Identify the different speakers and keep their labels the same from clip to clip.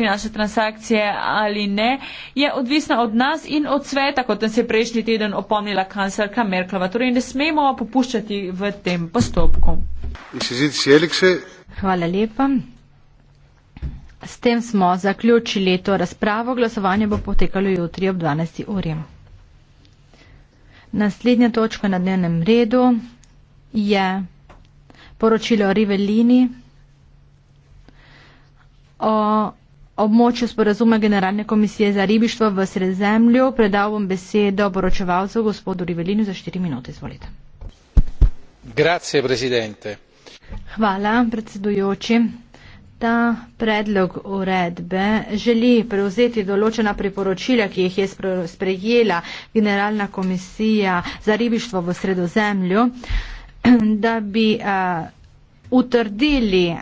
Speaker 1: finančne transakcije ali ne, je odvisna od nas in od sveta, kot nas je prejšnji teden opomnila kancelarka Merklova. Torej ne smemo popuščati v tem postopku.
Speaker 2: Hvala lepa. S tem smo zaključili to razpravo. Glasovanje bo potekalo jutri ob 12. uri. Naslednja točka na dnevnem redu je poročilo Rivellini o območju sporazuma Generalne komisije za ribištvo v Sredzemlju. Predal bom besedo poročevalcu gospodu Rivelinu za štiri minute. Izvolite. Hvala, predsedujoči. Ta predlog uredbe želi prevzeti določena priporočila, ki jih je sprejela Generalna komisija za ribištvo v Sredozemlju, da bi a, eh, utrdili eh,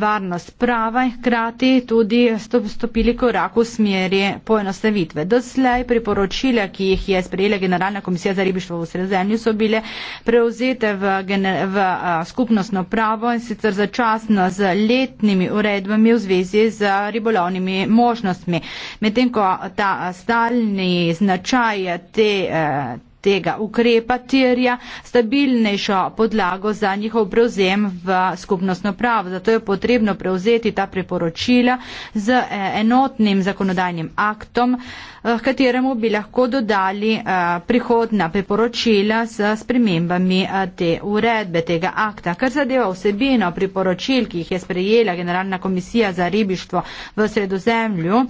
Speaker 2: varnost prava in hkrati tudi stopili korak v smeri poenostavitve. Doslej priporočila, ki jih je sprejela Generalna komisija za ribištvo v sredozemlju, so bile preuzete v, v eh, skupnostno pravo in sicer začasno z letnimi uredbami v zvezi z ribolovnimi možnostmi. Medtem ko ta eh, stalni značaj te, te tega ukrepa terja stabilnejšo podlago za njihov prevzem v skupnostno pravo. Zato je potrebno prevzeti ta priporočila z eh, enotnim zakonodajnim aktom, eh, kateremu bi lahko dodali eh, prihodna priporočila s spremembami te uredbe, tega akta. Kar zadeva vsebino priporočil, ki jih je sprejela Generalna komisija za ribištvo v Sredozemlju,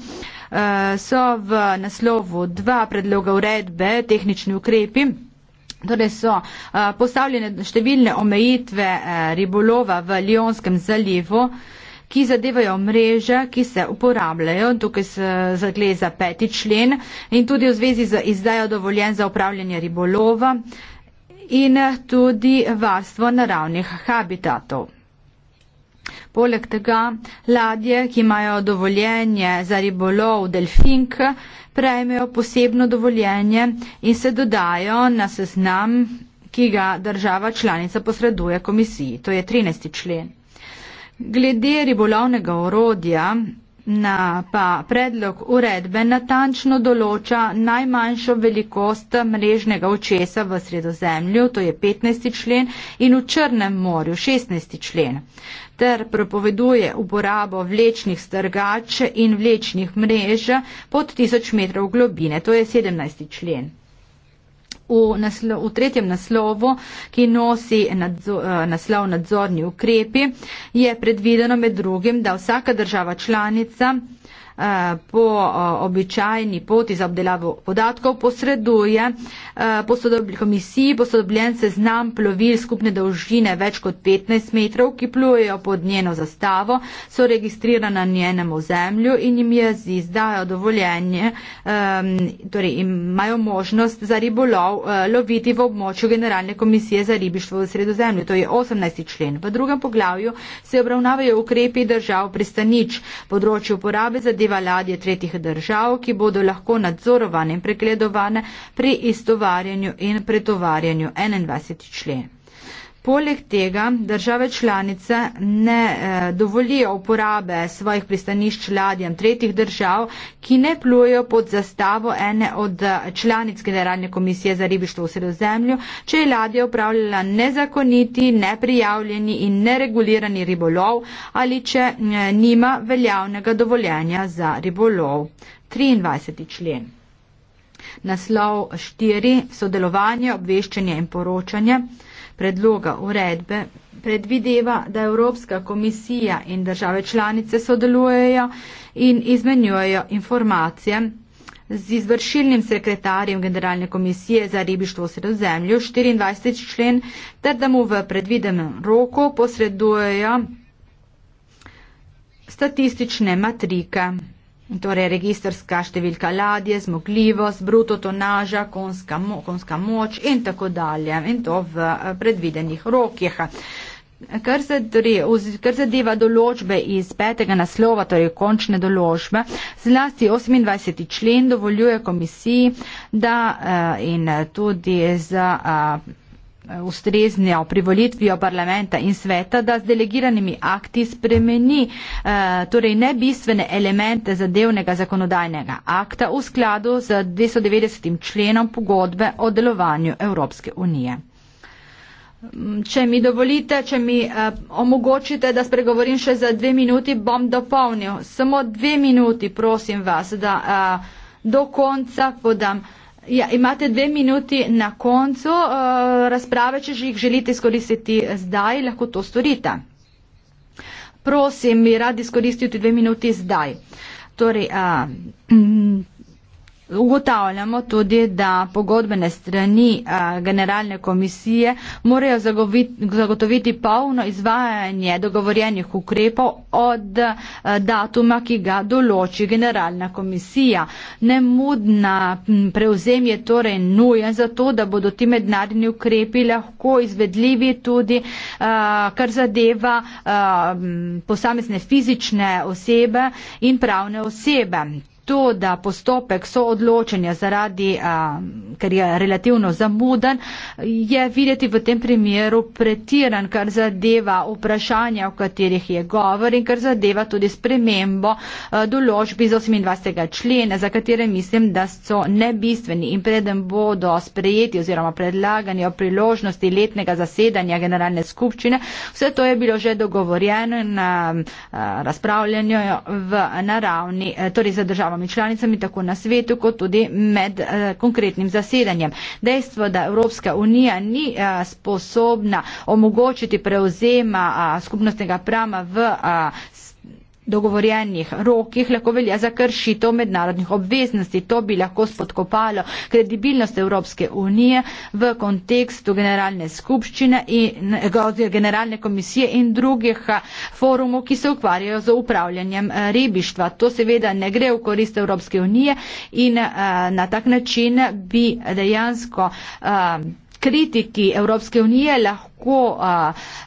Speaker 2: Eh, so v naslovu dva predloga uredbe, tehnični ukrepi. Torej so eh, postavljene številne omejitve eh, ribolova v Lijonskem zalivu, ki zadevajo mreže, ki se uporabljajo. Tukaj se zagle za peti člen in tudi v zvezi z izdajo dovoljen za upravljanje ribolova in tudi varstvo naravnih habitatov. Poleg tega ladje, ki imajo dovoljenje za ribolov delfink, prejmejo posebno dovoljenje in se dodajo na seznam, ki ga država članica posreduje komisiji. To je 13. člen. Glede ribolovnega orodja na, pa predlog uredbe natančno določa najmanjšo velikost mrežnega očesa v sredozemlju, to je 15. člen, in v Črnem morju 16. člen ter prepoveduje uporabo vlečnih strgač in vlečnih mrež pod 1000 metrov globine. To je 17. člen. V, naslo, v tretjem naslovu, ki nosi nadzo, eh, naslov nadzorni ukrepi, je predvideno med drugim, da vsaka država članica Eh, po eh, običajni poti za obdelavo podatkov posreduje eh, komisiji posodobljen seznam plovil skupne dolžine več kot 15 metrov, ki plujejo pod njeno zastavo, so registrirana na njenem ozemlju in jim je z izdajo dovoljenje, torej imajo možnost za ribolov loviti v območju Generalne komisije za ribištvo v sredozemlju. To je 18. člen. V drugem poglavju se obravnavajo ukrepi držav pristanič, področje uporabe zadeva zahteva ladje tretjih držav, ki bodo lahko nadzorovane in pregledovane pri istovarjanju in pretovarjanju 21. člen. Poleg tega države članice ne eh, dovolijo uporabe svojih pristanišč ladjem tretjih držav, ki ne plujejo pod zastavo ene od eh, članic Generalne komisije za ribištvo v sredozemlju, če je ladja upravljala nezakoniti, neprijavljeni in neregulirani ribolov ali če eh, nima veljavnega dovoljenja za ribolov. 23. člen. Naslov 4. Sodelovanje, obveščanje in poročanje predloga uredbe predvideva, da Evropska komisija in države članice sodelujejo in izmenjujejo informacije z izvršilnim sekretarjem Generalne komisije za ribištvo v sredozemlju 24. člen, ter da mu v predvidenem roku posredujejo statistične matrike. Torej, registrska številka ladje, zmogljivost, bruto tonaža, konska, mo konska moč in tako dalje. In to v eh, predvidenih rokih. Kar se, torej, uz, kar se deva določbe iz petega naslova, torej končne določbe, zlasti 28. člen dovoljuje komisiji, da eh, in tudi za eh, ustreznijo privolitvijo parlamenta in sveta, da z delegiranimi akti spremeni eh, torej ne bistvene elemente zadevnega zakonodajnega akta v skladu z 290. členom pogodbe o delovanju Evropske unije. Mm, če mi dovolite, če mi eh, omogočite, da spregovorim še za dve minuti, bom dopolnil. Samo dve minuti, prosim vas, da eh, do konca podam. Ja, imate dve minuti na koncu eh, razprave, če jih želite izkoristiti zdaj, lahko to storite. Prosim, bi radi izkoristili dve minuti zdaj. Torej, eh, a, Ugotavljamo tudi, da pogodbene strani a, generalne komisije morajo zagovit, zagotoviti polno izvajanje dogovorjenih ukrepov od a, datuma, ki ga določi generalna komisija. Nemudna prevzem je torej nujen za to, da bodo ti mednarodni ukrepi lahko izvedljivi tudi, a, kar zadeva a, posamezne fizične osebe in pravne osebe to, da postopek soodločanja zaradi, a, ker je relativno zamuden, je videti v tem primeru pretiran, kar zadeva vprašanja, o katerih je govor in kar zadeva tudi spremembo določbi z 28. člena, za katere mislim, da so nebistveni in preden bodo sprejeti oziroma predlagani o priložnosti letnega zasedanja generalne skupščine, vse to je bilo že dogovorjeno na a, razpravljanju v naravni, a, torej za državo državami članicami tako na svetu kot tudi med eh, konkretnim zasedanjem. Dejstvo, da Evropska unija ni eh, sposobna omogočiti prevzema eh, skupnostnega prama v dogovorjenih rokih lahko velja za kršitev mednarodnih obveznosti. To bi lahko spodkopalo kredibilnost Evropske unije v kontekstu generalne skupščine in generalne komisije in drugih eh, forumov, ki se ukvarjajo z upravljanjem eh, ribištva. To seveda ne gre v korist Evropske unije in eh, na tak način bi dejansko. Uh, kritiki Evropske unije lahko a,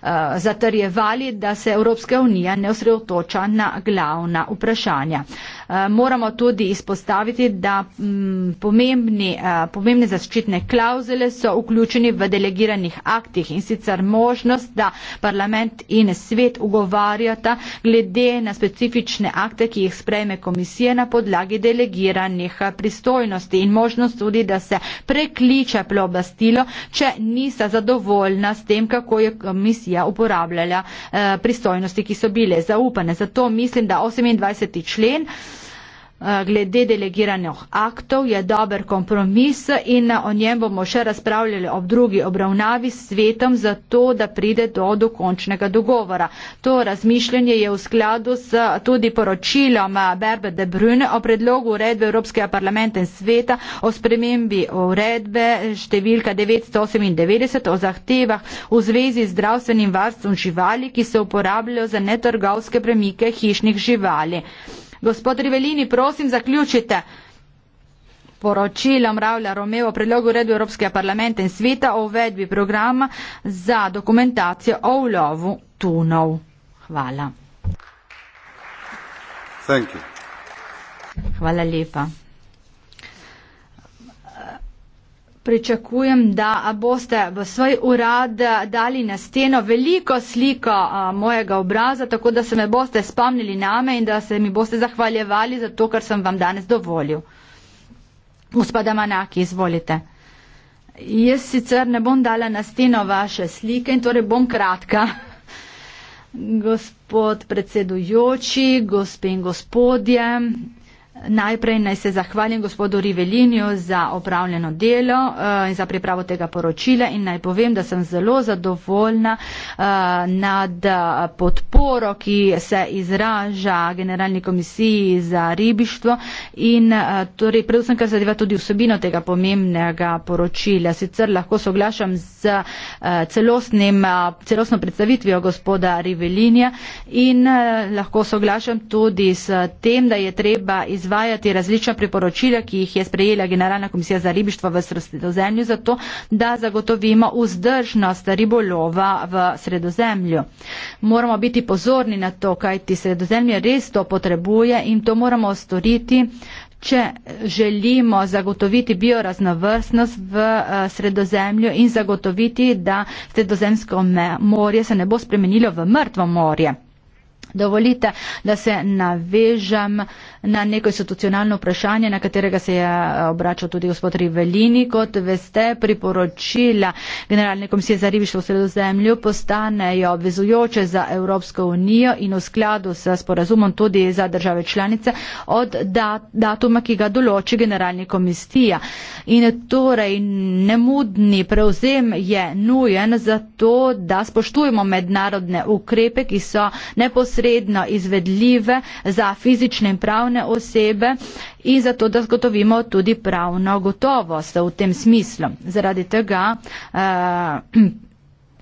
Speaker 2: a, zatrjevali, da se Evropska unija ne osredotoča na glavna vprašanja. Eh, moramo tudi izpostaviti, da mm, pomembni, eh, pomembne zaščitne klauzule so vključeni v delegiranih aktih in sicer možnost, da parlament in svet ugovarjata glede na specifične akte, ki jih sprejme komisija na podlagi delegiranih eh, pristojnosti in možnost tudi, da se prekliče plobastilo, če nista zadovoljna s tem, kako je komisija uporabljala pristojnosti, ki so bile zaupane. Zato mislim, da 28. člen Eh, glede delegiranih aktov je dober kompromis in o njem bomo še razpravljali ob drugi obravnavi s svetom za to, da pride do dokončnega dogovora. To razmišljanje je v skladu s tudi poročilom eh, Berbe de Brune o predlogu uredbe Evropskega parlamenta in sveta o spremembi uredbe številka 998 o zahtevah v zvezi z zdravstvenim varstvom živali, ki se uporabljajo za netrgovske premike hišnih živali. Gospod Rivelini, prosim, zaključite. Poročilo omravlja Romeo o predlogu redu Evropskega parlamenta in sveta o uvedbi programa za dokumentacijo o ulovu tunov. Hvala. Thank you. Hvala lepa. pričakujem, da boste v svoj urad dali na steno veliko sliko a, mojega obraza, tako da se me boste spomnili name in da se mi boste zahvaljevali za to, kar sem vam danes dovolil. Gospoda Manaki, izvolite. Jaz sicer ne bom dala na steno vaše slike in torej bom kratka. Gospod predsedujoči, gospe in gospodje, Najprej naj se zahvalim gospodu Riveliniju za opravljeno delo uh, in za pripravo tega poročila in naj povem, da sem zelo zadovoljna uh, nad eh, podporo, ki se izraža Generalni komisiji za ribištvo in uh, torej predvsem, kar zadeva tudi vsebino tega pomembnega poročila. Sicer lahko soglašam z uh, celostno predstavitvijo gospoda Rivelinija in uh, lahko soglašam tudi s tem, da je treba izraziti izvajati različna priporočila, ki jih je sprejela Generalna komisija za ribištvo v sredozemlju, zato da zagotovimo vzdržnost ribolova v sredozemlju. Moramo biti pozorni na to, kaj ti sredozemlje res to potrebuje in to moramo storiti. Če želimo zagotoviti bioraznovrstnost v eh, sredozemlju in zagotoviti, da sredozemsko morje se ne bo spremenilo v mrtvo morje. Dovolite, da se navežam na neko institucionalno vprašanje, na katerega se je eh, obračal tudi gospod Rivelini. Kot veste, priporočila Generalne komisije za ribištvo v sredozemlju postanejo obvezujoče za Evropsko unijo in v skladu s sporazumom tudi za države članice od datuma, ki ga določi Generalni komisija. In torej nemudni prevzem je nujen zato, da spoštujemo mednarodne ukrepe, ki so neposredno neposredno izvedljive za fizične in pravne osebe in zato, da zagotovimo tudi pravno gotovost v tem smislu. Zaradi tega uh,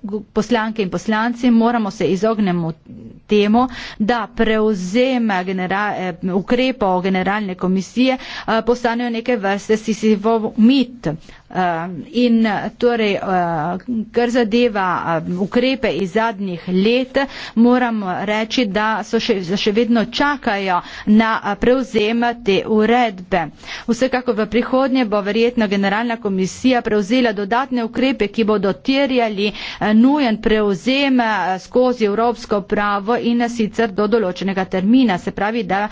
Speaker 2: poslanke in poslanci moramo se izognemo temu, da prevzeme eh, ukrepov generalne komisije uh, postanejo neke vrste sisivov mit. Uh, Um, in uh, torej, uh, kar zadeva uh, ukrepe iz zadnjih let, moram reči, da so še, še vedno čakajo na prevzem te uredbe. Vsekako v prihodnje bo verjetno generalna komisija prevzela dodatne ukrepe, ki bodo terjali nujen prevzem skozi evropsko pravo in sicer do določenega termina. Se pravi, da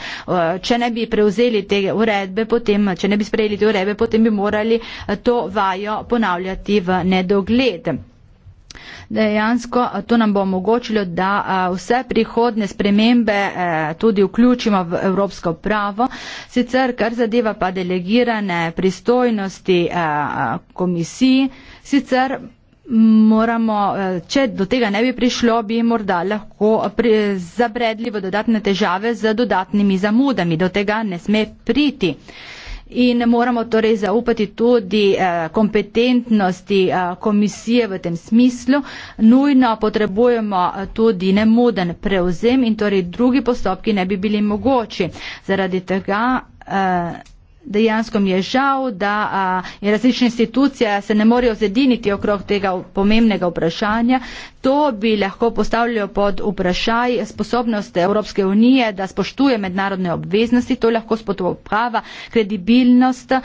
Speaker 2: če ne bi prevzeli te uredbe, potem, če ne bi sprejeli te uredbe, potem bi morali to vajo ponavljati v nedogled. Dejansko to nam bo omogočilo, da vse prihodne spremembe e, tudi vključimo v evropsko pravo. Sicer, kar zadeva pa delegirane pristojnosti e, komisiji, sicer moramo, e, če do tega ne bi prišlo, bi morda lahko zabredli v dodatne težave z dodatnimi zamudami. Do tega ne sme priti. In moramo torej zaupati tudi eh, kompetentnosti eh, komisije v tem smislu. Nujno potrebujemo eh, tudi nemoden prevzem in torej drugi postopki ne bi bili mogoči. Zaradi tega dejansko mi je žal, da a, različne institucije se ne morejo zediniti okrog tega pomembnega vprašanja. To bi lahko postavljalo pod vprašaj sposobnost Evropske unije, da spoštuje mednarodne obveznosti. To lahko spodoprava kredibilnost a,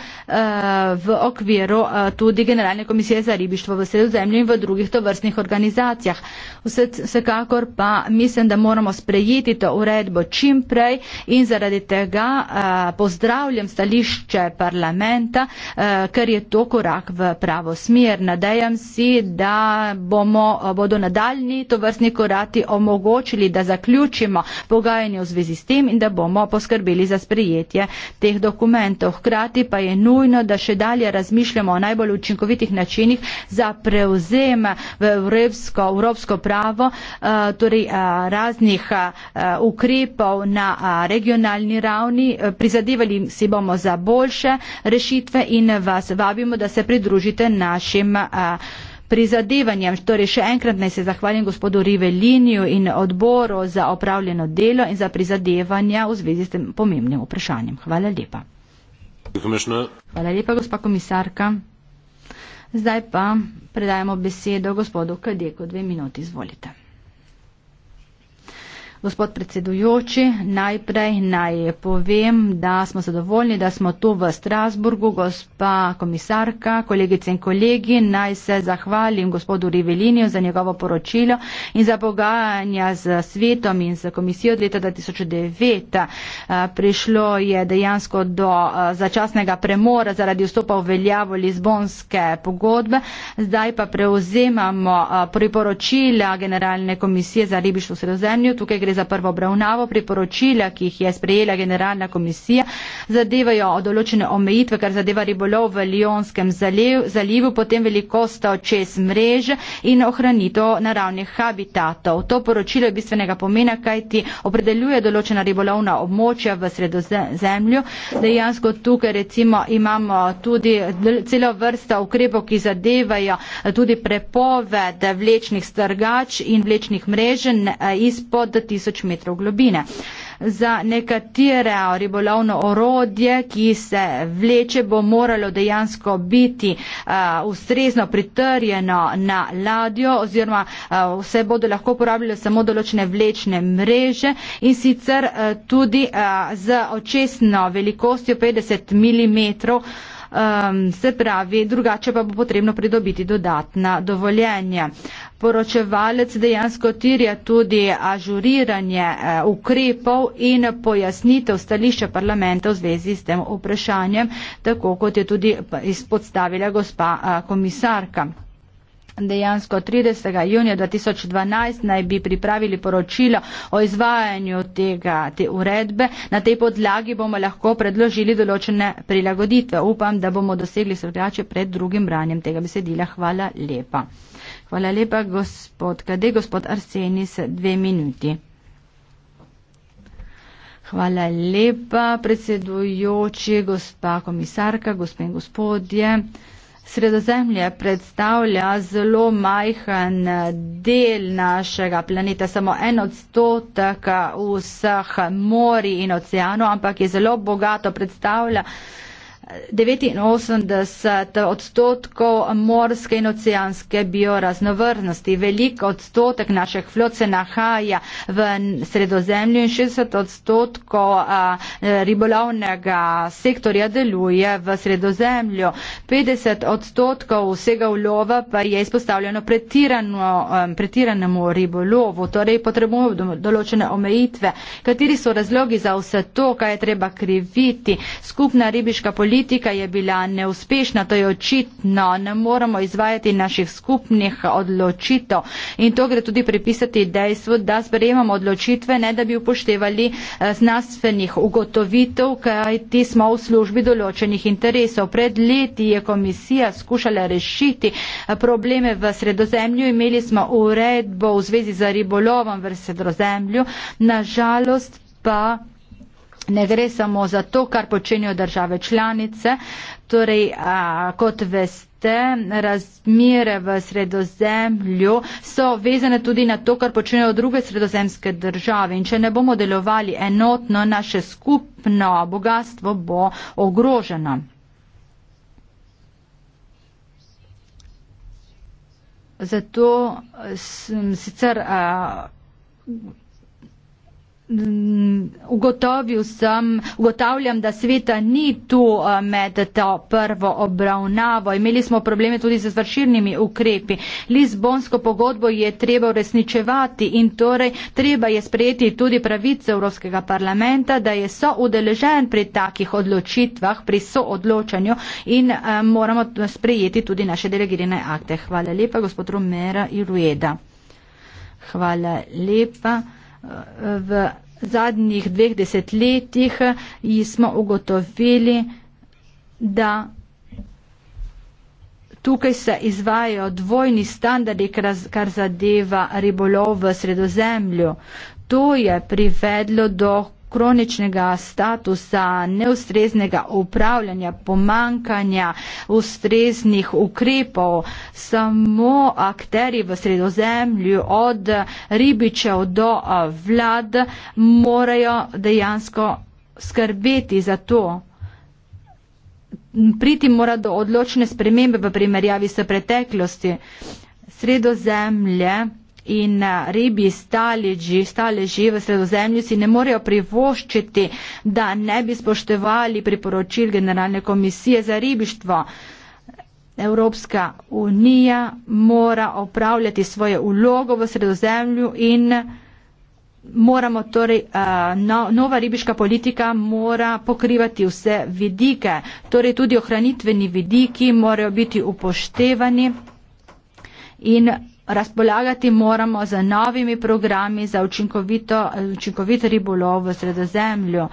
Speaker 2: v okviru a, tudi Generalne komisije za ribištvo v sredozemlju in v drugih tovrstnih organizacijah. Vse, vsekakor pa mislim, da moramo sprejeti to uredbo čimprej in zaradi tega a, pozdravljam stališče stališče parlamenta, eh, ker je to korak v pravo smer. Nadejam si, da bomo, bodo nadaljni tovrstni korati omogočili, da zaključimo pogajanje v zvezi s tem in da bomo poskrbeli za sprejetje teh dokumentov. Hkrati pa je nujno, da še dalje razmišljamo o najbolj učinkovitih načinih za prevzem v evropsko, evropsko pravo, eh, torej eh, raznih ukrepov na regionalni ravni. Prizadevali si bomo za boljše rešitve in vas vabimo, da se pridružite našim prizadevanjem. Torej, še enkrat naj se zahvalim gospodu Riveliniju in odboru za opravljeno delo in za prizadevanja v zvezi s tem pomembnim vprašanjem. Hvala lepa. Hvala lepa, gospa komisarka. Zdaj pa predajamo besedo gospodu Kadeku. Dve minuti, izvolite. Gospod predsedujoči, najprej naj povem, da smo zadovoljni, da smo tu v Strasburgu. Gospa komisarka, kolegice in kolegi, naj se zahvalim gospodu Rivelinju za njegovo poročilo in za pogajanja z svetom in z komisijo od leta 2009. Prišlo je dejansko do začasnega premora zaradi vstopa v veljavo Lizbonske pogodbe. Zdaj pa prevzemamo priporočila Generalne komisije za ribištvo v sredozemlju. Tukaj gre za prvo obravnavo. Priporočila, ki jih je sprejela generalna komisija, zadevajo določene omejitve, kar zadeva ribolov v Lijonskem zalivu, potem velikost čez mrež in ohranitev naravnih habitatov. To poročilo je bistvenega pomena, kajti opredeljuje določena ribolovna območja v sredozemlju. Dejansko tukaj recimo imamo tudi celo vrsta ukrepov, ki zadevajo tudi prepoved vlečnih strgač in vlečnih mrež eh, izpod tisoč tisoč metrov globine. Za nekatere ribolovno orodje, ki se vleče, bo moralo dejansko biti uh, ustrezno pritrjeno na ladjo oziroma uh, eh, vse bodo lahko uporabljali samo določene vlečne mreže in sicer uh, tudi uh, z očesno velikostjo 50 mm um, se pravi, drugače pa bo potrebno pridobiti dodatna dovoljenja. Poročevalec dejansko tirja tudi ažuriranje uh, ukrepov in pojasnitev stališča parlamenta v zvezi s tem vprašanjem, tako kot je tudi izpodstavila gospa uh, komisarka. Dejansko 30. junija 2012 naj bi pripravili poročilo o izvajanju tega, te uredbe. Na tej podlagi bomo lahko predložili določene prilagoditve. Upam, da bomo dosegli srgače pred drugim branjem tega besedila. Hvala lepa. Hvala lepa, gospod. Kade, gospod Arsenis, dve minuti. Hvala lepa, predsedujoči, gospa komisarka, gospe in gospodje. Sredozemlje predstavlja zelo majhen del našega planeta, samo en odstotek vseh morij in oceanov, ampak je zelo bogato predstavlja 89 odstotkov morske in oceanske bioraznovrnosti. Velik odstotek naših flot se nahaja v sredozemlju in 60 odstotkov ribolovnega sektorja deluje v sredozemlju. 50 odstotkov vsega ulova pa je izpostavljeno pretiranemu ribolovu, torej potrebujemo določene omejitve. Kateri so razlogi za vse to, kaj je treba kriviti? Skupna ribiška politika politika je bila neuspešna, to je očitno, ne moramo izvajati naših skupnih odločitev in to gre tudi pripisati dejstvu, da sprejemamo odločitve, ne da bi upoštevali eh, znanstvenih ugotovitev, kajti smo v službi določenih interesov. Pred leti je komisija skušala rešiti eh, probleme v sredozemlju, imeli smo uredbo v zvezi z ribolovom v sredozemlju, nažalost pa ne gre samo za to, kar počenjajo države članice. Torej, a, kot veste, razmire v sredozemlju so vezane tudi na to, kar počnejo druge sredozemske države. In če ne bomo delovali enotno, naše skupno bogatstvo bo ogroženo. Zato sem sicer. A, Mm, ugotovil sem, ugotavljam, da sveta ni tu eh, med to prvo obravnavo. Imeli smo probleme tudi z zvrširnimi ukrepi. Lizbonsko pogodbo je treba uresničevati in torej treba je sprejeti tudi pravice Evropskega parlamenta, da je so udeležen pri takih odločitvah, pri so odločanju in eh, moramo sprejeti tudi naše delegirane akte. Hvala lepa, gospod Romera Irueda. Hvala lepa v zadnjih dveh desetletjih smo ugotovili, da tukaj se izvajajo dvojni standardi, kar zadeva ribolov v sredozemlju. To je privedlo do kroničnega statusa, neustreznega upravljanja, pomankanja ustreznih ukrepov. Samo akteri v sredozemlju od ribičev do vlad morajo dejansko skrbeti za to. Priti mora do odločne spremembe v primerjavi s preteklosti. Sredozemlje in ribi staleži, staleži v sredozemlju si ne morejo privoščiti, da ne bi spoštevali priporočil Generalne komisije za ribištvo. Evropska unija mora opravljati svoje ulogo v sredozemlju in moramo torej, no, nova ribiška politika mora pokrivati vse vidike, torej tudi ohranitveni vidiki morajo biti upoštevani in razpolagati moramo z novimi programi za učinkovito, učinkovito ribolov v sredozemlju.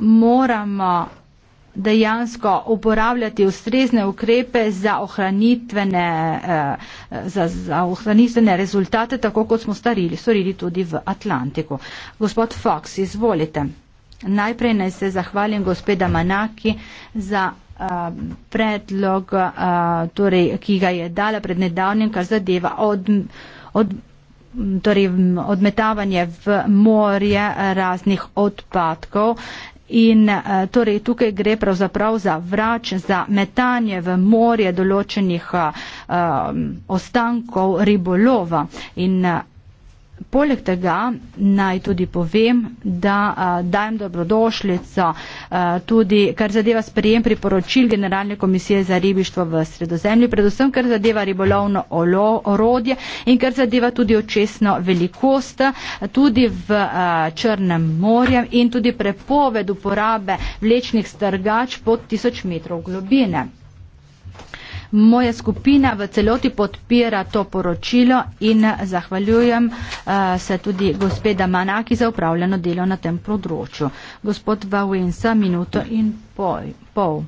Speaker 2: Moramo dejansko uporabljati ustrezne ukrepe za ohranitvene, eh, za, za ohranitvene rezultate, tako kot smo starili, storili tudi v Atlantiku. Gospod Fox, izvolite. Najprej naj se zahvalim gospeda Manaki za predlog, torej, ki ga je dala pred nedavnjem, kar zadeva od, od, torej, odmetavanje v morje raznih odpadkov. In torej tukaj gre pravzaprav za vrač, za metanje v morje določenih uh, ostankov ribolova. In Poleg tega naj tudi povem, da a, dajem dobrodošljico a, tudi, kar zadeva sprejem priporočil Generalne komisije za ribištvo v sredozemlju, predvsem kar zadeva ribolovno olo, orodje in kar zadeva tudi očesno velikost, a, tudi v a, Črnem morju in tudi prepoved uporabe vlečnih strgač pod tisoč metrov globine. Moja skupina v celoti podpira to poročilo in zahvaljujem uh, se tudi gospeda Manaki za upravljeno delo na tem področju. Gospod Vavinsa, minuto in poj, pol.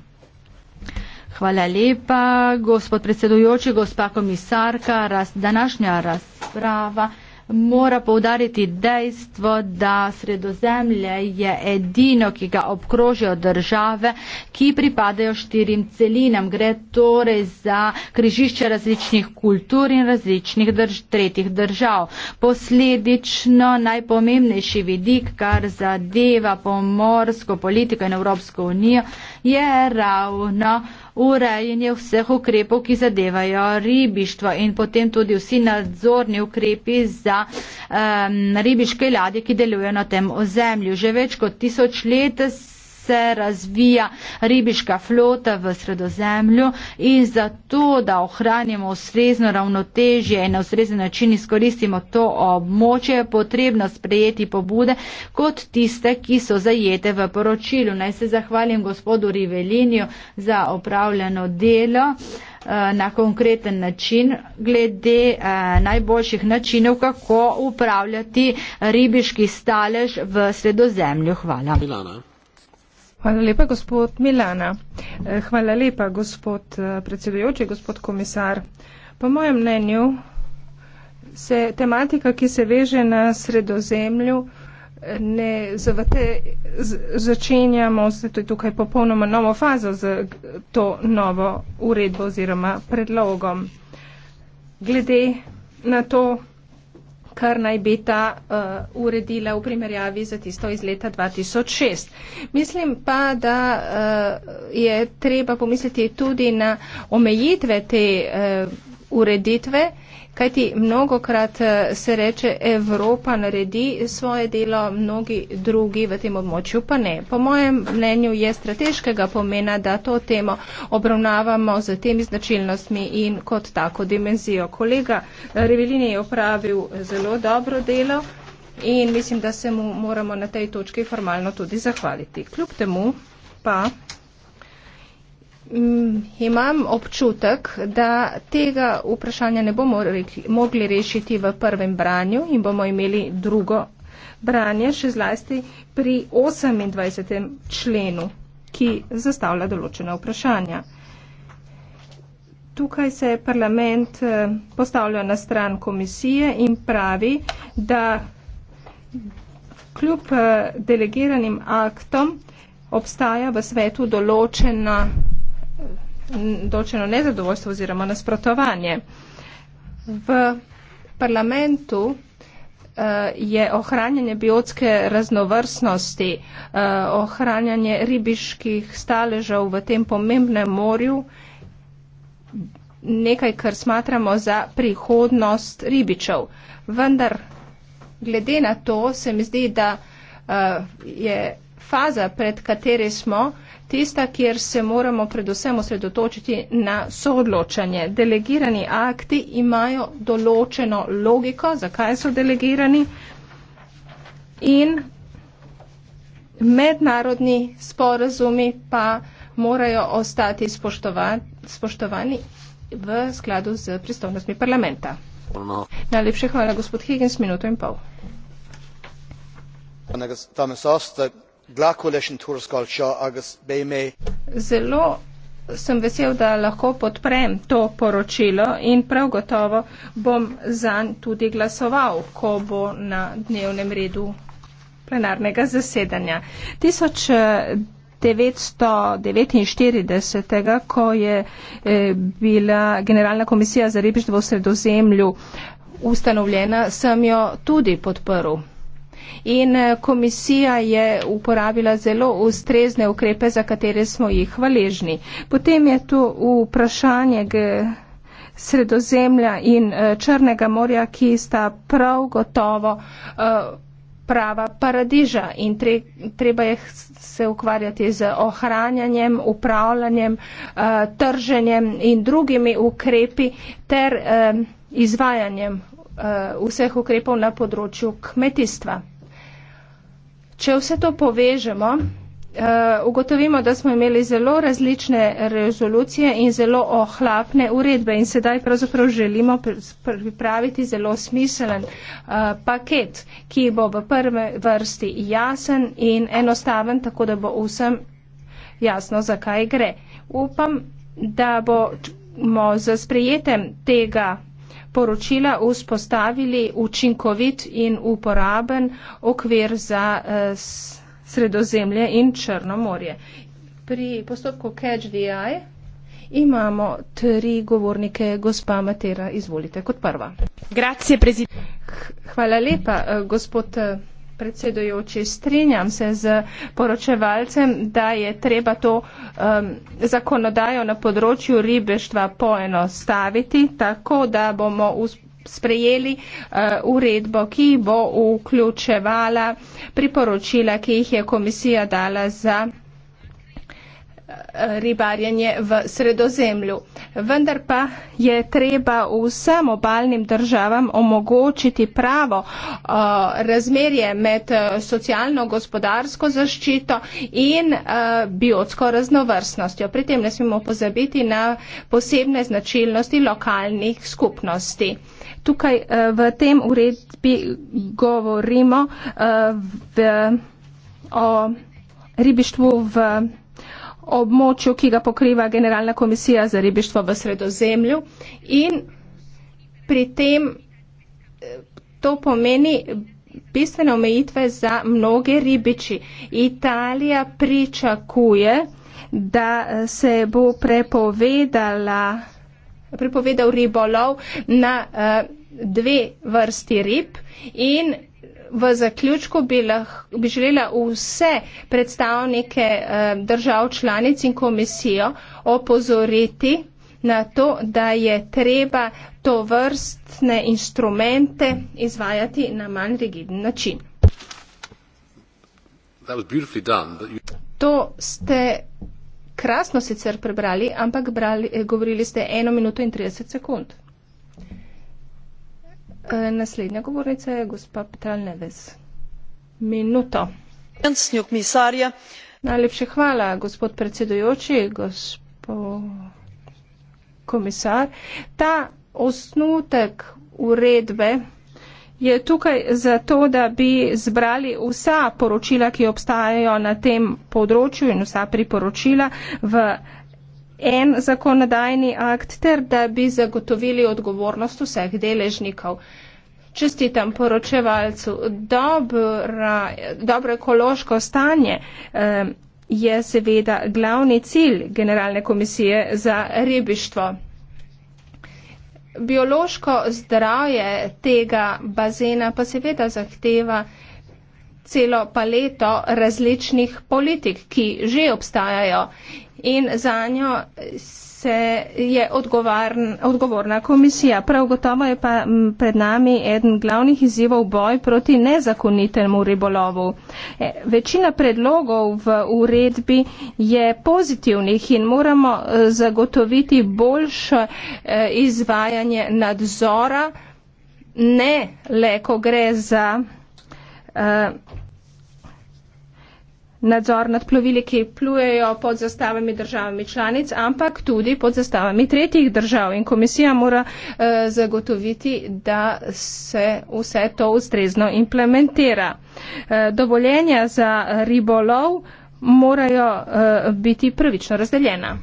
Speaker 2: Hvala lepa, gospod predsedujoči, gospa komisarka, raz, današnja razprava mora povdariti dejstvo, da sredozemlje je edino, ki ga obkrožijo države, ki pripadajo štirim celinam. Gre torej za križišče različnih kultur in različnih drž tretjih držav. Posledično najpomembnejši vidik, kar zadeva pomorsko politiko in Evropsko unijo, je ravno urejanje vseh ukrepov, ki zadevajo ribištvo in potem tudi vsi nadzorni ukrepi za um, ribiške ladje, ki delujejo na tem ozemlju. Že več kot tisoč let se razvija ribiška flota v sredozemlju in zato, da ohranimo ustrezno ravnotežje in na ustrezen način izkoristimo to območje, je potrebno sprejeti pobude kot tiste, ki so zajete v poročilu. Naj se zahvalim gospodu Rivelinju za opravljeno delo eh, na konkreten način glede eh, najboljših načinov, kako upravljati ribiški stalež v sredozemlju. Hvala.
Speaker 1: Milana. Hvala lepa, gospod Milana. Eh, hvala lepa, gospod eh, predsedujoči, gospod komisar. Po mojem mnenju se tematika, ki se veže na sredozemlju, eh, ne zavete, začenjamo se tukaj popolnoma novo fazo z to novo uredbo oziroma predlogom. Glede na to, kar naj bi ta uh, uredila v primerjavi za tisto iz leta 2006. Mislim pa, da uh, je treba pomisliti tudi na omejitve te uh, ureditve. Kajti mnogo krat eh, se reče, Evropa naredi svoje delo, mnogi drugi v tem območju pa ne. Po mojem mnenju je strateškega pomena, da to temo obravnavamo z temi značilnostmi in kot tako dimenzijo. Kolega eh, Revelin je opravil eh, zelo dobro delo in mislim, da se mu moramo na tej točki formalno tudi zahvaliti. Kljub temu pa. Mm, imam občutek, da tega vprašanja ne bomo rekli, mogli rešiti v prvem branju in bomo imeli drugo branje, še zlasti pri 28. členu, ki zastavlja določena vprašanja. Tukaj se parlament eh, postavlja na stran komisije in pravi, da kljub eh, delegiranim aktom obstaja v svetu določena določeno nezadovoljstvo oziroma nasprotovanje. V parlamentu eh, je ohranjanje biotske raznovrstnosti, eh, ohranjanje ribiških staležev v tem pomembnem morju nekaj, kar smatramo za prihodnost ribičev. Vendar glede na to se mi zdi, da eh, je faza, pred kateri smo, tista, kjer se moramo predvsem osredotočiti na soodločanje. Delegirani akti imajo določeno logiko, zakaj so delegirani in mednarodni sporazumi pa morajo ostati spoštovani, spoštovani v skladu z pristovnostmi parlamenta. No. Najlepše hvala, gospod Higgins, minuto in pol. Thomas Oster. Zelo sem vesel, da lahko podprem to poročilo in prav gotovo bom zanj tudi glasoval, ko bo na dnevnem redu plenarnega zasedanja. 1949. Eh, ko je eh, bila Generalna komisija za ribištvo v sredozemlju ustanovljena, sem jo tudi podprl in eh, komisija je uporabila zelo ustrezne ukrepe, za katere smo jih hvaležni. Potem je tu vprašanje sredozemlja in eh, Črnega morja, ki sta prav gotovo eh, prava paradiža in treba je se ukvarjati z ohranjanjem, upravljanjem, trženjem in drugimi ukrepi ter izvajanjem vseh ukrepov na področju kmetijstva. Če vse to povežemo, eh, ugotovimo, da smo imeli zelo različne rezolucije in zelo ohlapne uredbe in sedaj pravzaprav želimo pripraviti zelo smiselen eh, paket, ki bo v prvi vrsti jasen in enostaven, tako da bo vsem jasno, zakaj gre. Upam, da bomo z sprejetem tega poročila vzpostavili učinkovit in uporaben okvir za eh, Sredozemlje in Črno morje. Pri postopku Catch the Eye imamo tri govornike. Gospa Matera, izvolite kot prva. Grazie, Hvala lepa, eh, gospod. Eh, predsedojoči, strinjam se z poročevalcem, da je treba to um, zakonodajo na področju ribeštva poenostaviti tako, da bomo sprejeli uh, uredbo, ki bo vključevala priporočila, ki jih je komisija dala za ribarjenje v sredozemlju. Vendar pa je treba vsem obalnim državam omogočiti pravo uh, razmerje med eh, socialno-gospodarsko zaščito in uh, biotsko raznovrstnostjo. Pri tem ne smemo pozabiti na posebne značilnosti lokalnih skupnosti. Tukaj uh, v tem uredbi govorimo uh, v, o ribištvu v območju, ki ga pokriva Generalna komisija za ribištvo v sredozemlju. In pri tem eh, to pomeni bistvene omejitve za mnoge ribiči. Italija pričakuje, da eh, se bo prepovedala prepovedal ribolov na uh, dve vrsti rib in v zaključku bi, lah, bi želela vse predstavnike eh, držav članic in komisijo opozoriti na to, da je treba to vrstne instrumente izvajati na manj rigiden način.
Speaker 2: Done, you...
Speaker 1: To ste krasno sicer prebrali, ampak brali, eh, govorili ste eno minuto in 30 sekund. E, naslednja govorica je gospa Petra Neves. Minuto. Njo komisarja. Najlepše hvala, gospod predsedujoči, gospod komisar. Ta osnutek uredbe je tukaj zato, da bi zbrali vsa poročila, ki obstajajo na tem področju in vsa priporočila v en zakonodajni akt ter da bi zagotovili odgovornost vseh deležnikov. Čestitam poročevalcu. Dobra, dobro ekološko stanje eh, je seveda glavni cilj Generalne komisije za ribištvo. Biološko zdravje tega bazena pa seveda zahteva celo paleto različnih politik, ki že obstajajo in za njo se je odgovorn, odgovorna komisija. Prav gotovo je pa pred nami eden glavnih izzivov boj proti nezakonitemu ribolovu. E, večina predlogov v uredbi je pozitivnih in moramo e, zagotoviti boljše e, izvajanje nadzora, ne le, ko gre za. E, nadzor nad plovili, ki plujejo pod zastavami državami članic, ampak tudi pod zastavami tretjih držav. In komisija mora uh, zagotoviti, da se vse to ustrezno implementira. Uh, dovoljenja za ribolov morajo uh, biti pravično razdeljena.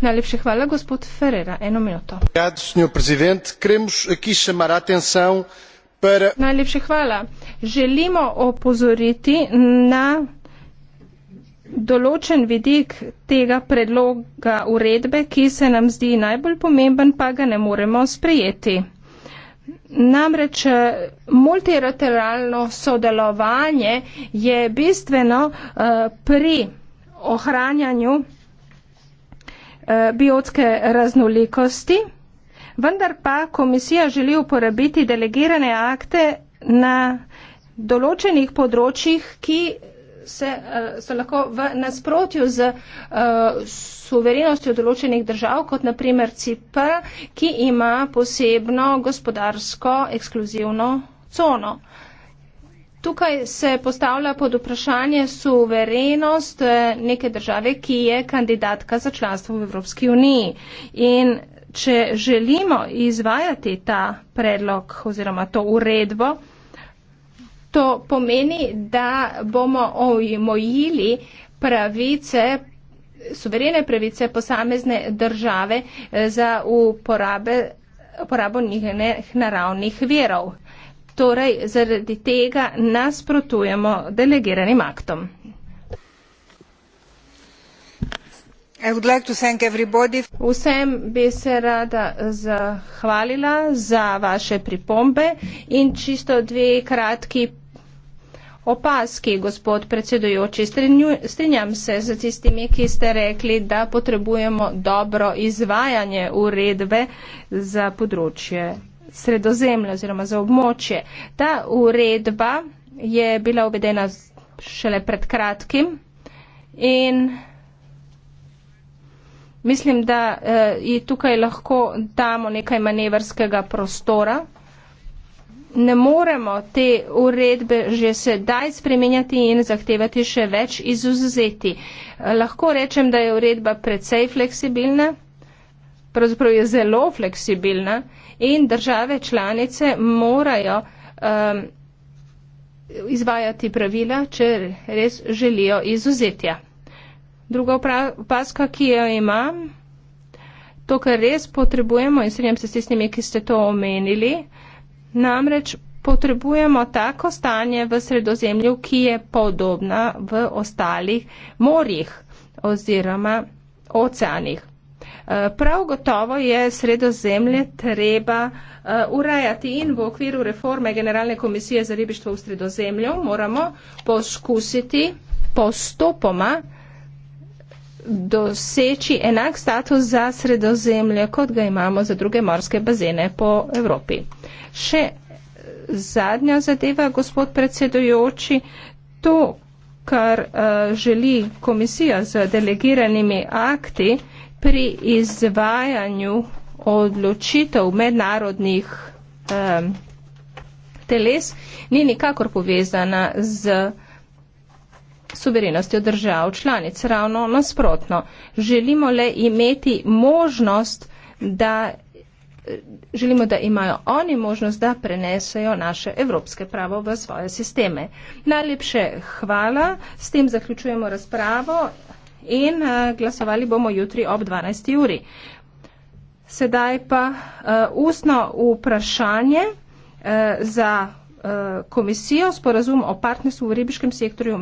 Speaker 1: Najlepše hvala, gospod Ferreira. Eno minuto. Ja, Najlepše hvala. Želimo opozoriti na določen vidik tega predloga uredbe, ki se nam zdi najbolj pomemben, pa ga ne moremo sprejeti. Namreč eh, multilateralno sodelovanje je bistveno uh, pri ohranjanju uh, biotske raznolikosti, vendar pa komisija želi uporabiti delegirane akte na določenih področjih, ki se, eh, so lahko v nasprotju z eh, suverenostjo določenih držav, kot naprimer Cipr, ki ima posebno gospodarsko ekskluzivno cono. Tukaj se postavlja pod vprašanje suverenost eh, neke države, ki je kandidatka za članstvo v Evropski uniji. In če želimo izvajati ta predlog oziroma to uredbo, To pomeni, da bomo omojili pravice, suverene pravice posamezne države eh, za uporabe, uporabo njihovih naravnih verov. Torej, zaradi tega nasprotujemo delegiranim aktom. Like Vsem bi se rada zahvalila za vaše pripombe in čisto dve kratki opaski, gospod predsedujoči. Strinjam se z tistimi, ki ste rekli, da potrebujemo dobro izvajanje uredbe za področje sredozemlja oziroma za območje. Ta uredba je bila uvedena šele pred kratkim in mislim, da eh, je tukaj lahko damo nekaj manevrskega prostora ne moremo te uredbe že sedaj spremenjati in zahtevati še več izuzeti. Eh, lahko rečem, da je uredba precej fleksibilna, pravzaprav je zelo fleksibilna in države članice morajo um, izvajati pravila, če res želijo izuzetja. Druga opaska, ki jo imam, to, kar res potrebujemo in srednjem se s tistimi, ki ste to omenili, Namreč potrebujemo tako stanje v sredozemlju, ki je podobna v ostalih morjih oziroma oceanih. E, prav gotovo je sredozemlje treba e, urejati in v okviru reforme Generalne komisije za ribištvo v sredozemlju moramo poskusiti postopoma doseči enak status za sredozemlje, kot ga imamo za druge morske bazene po Evropi. Še zadnja zadeva, gospod predsedujoči, to, kar uh, želi komisija z delegiranimi akti pri izvajanju odločitev mednarodnih um, teles, ni nikakor povezana z suverenostjo držav članic. Ravno nasprotno, želimo le imeti možnost, da, želimo, da imajo oni možnost, da prenesejo naše evropske pravo v svoje sisteme. Najlepše hvala, s tem zaključujemo razpravo in eh, glasovali bomo jutri ob 12. uri. Sedaj pa uh, ustno vprašanje uh, za uh, komisijo sporazum o partnerstvu v ribiškem sektorju.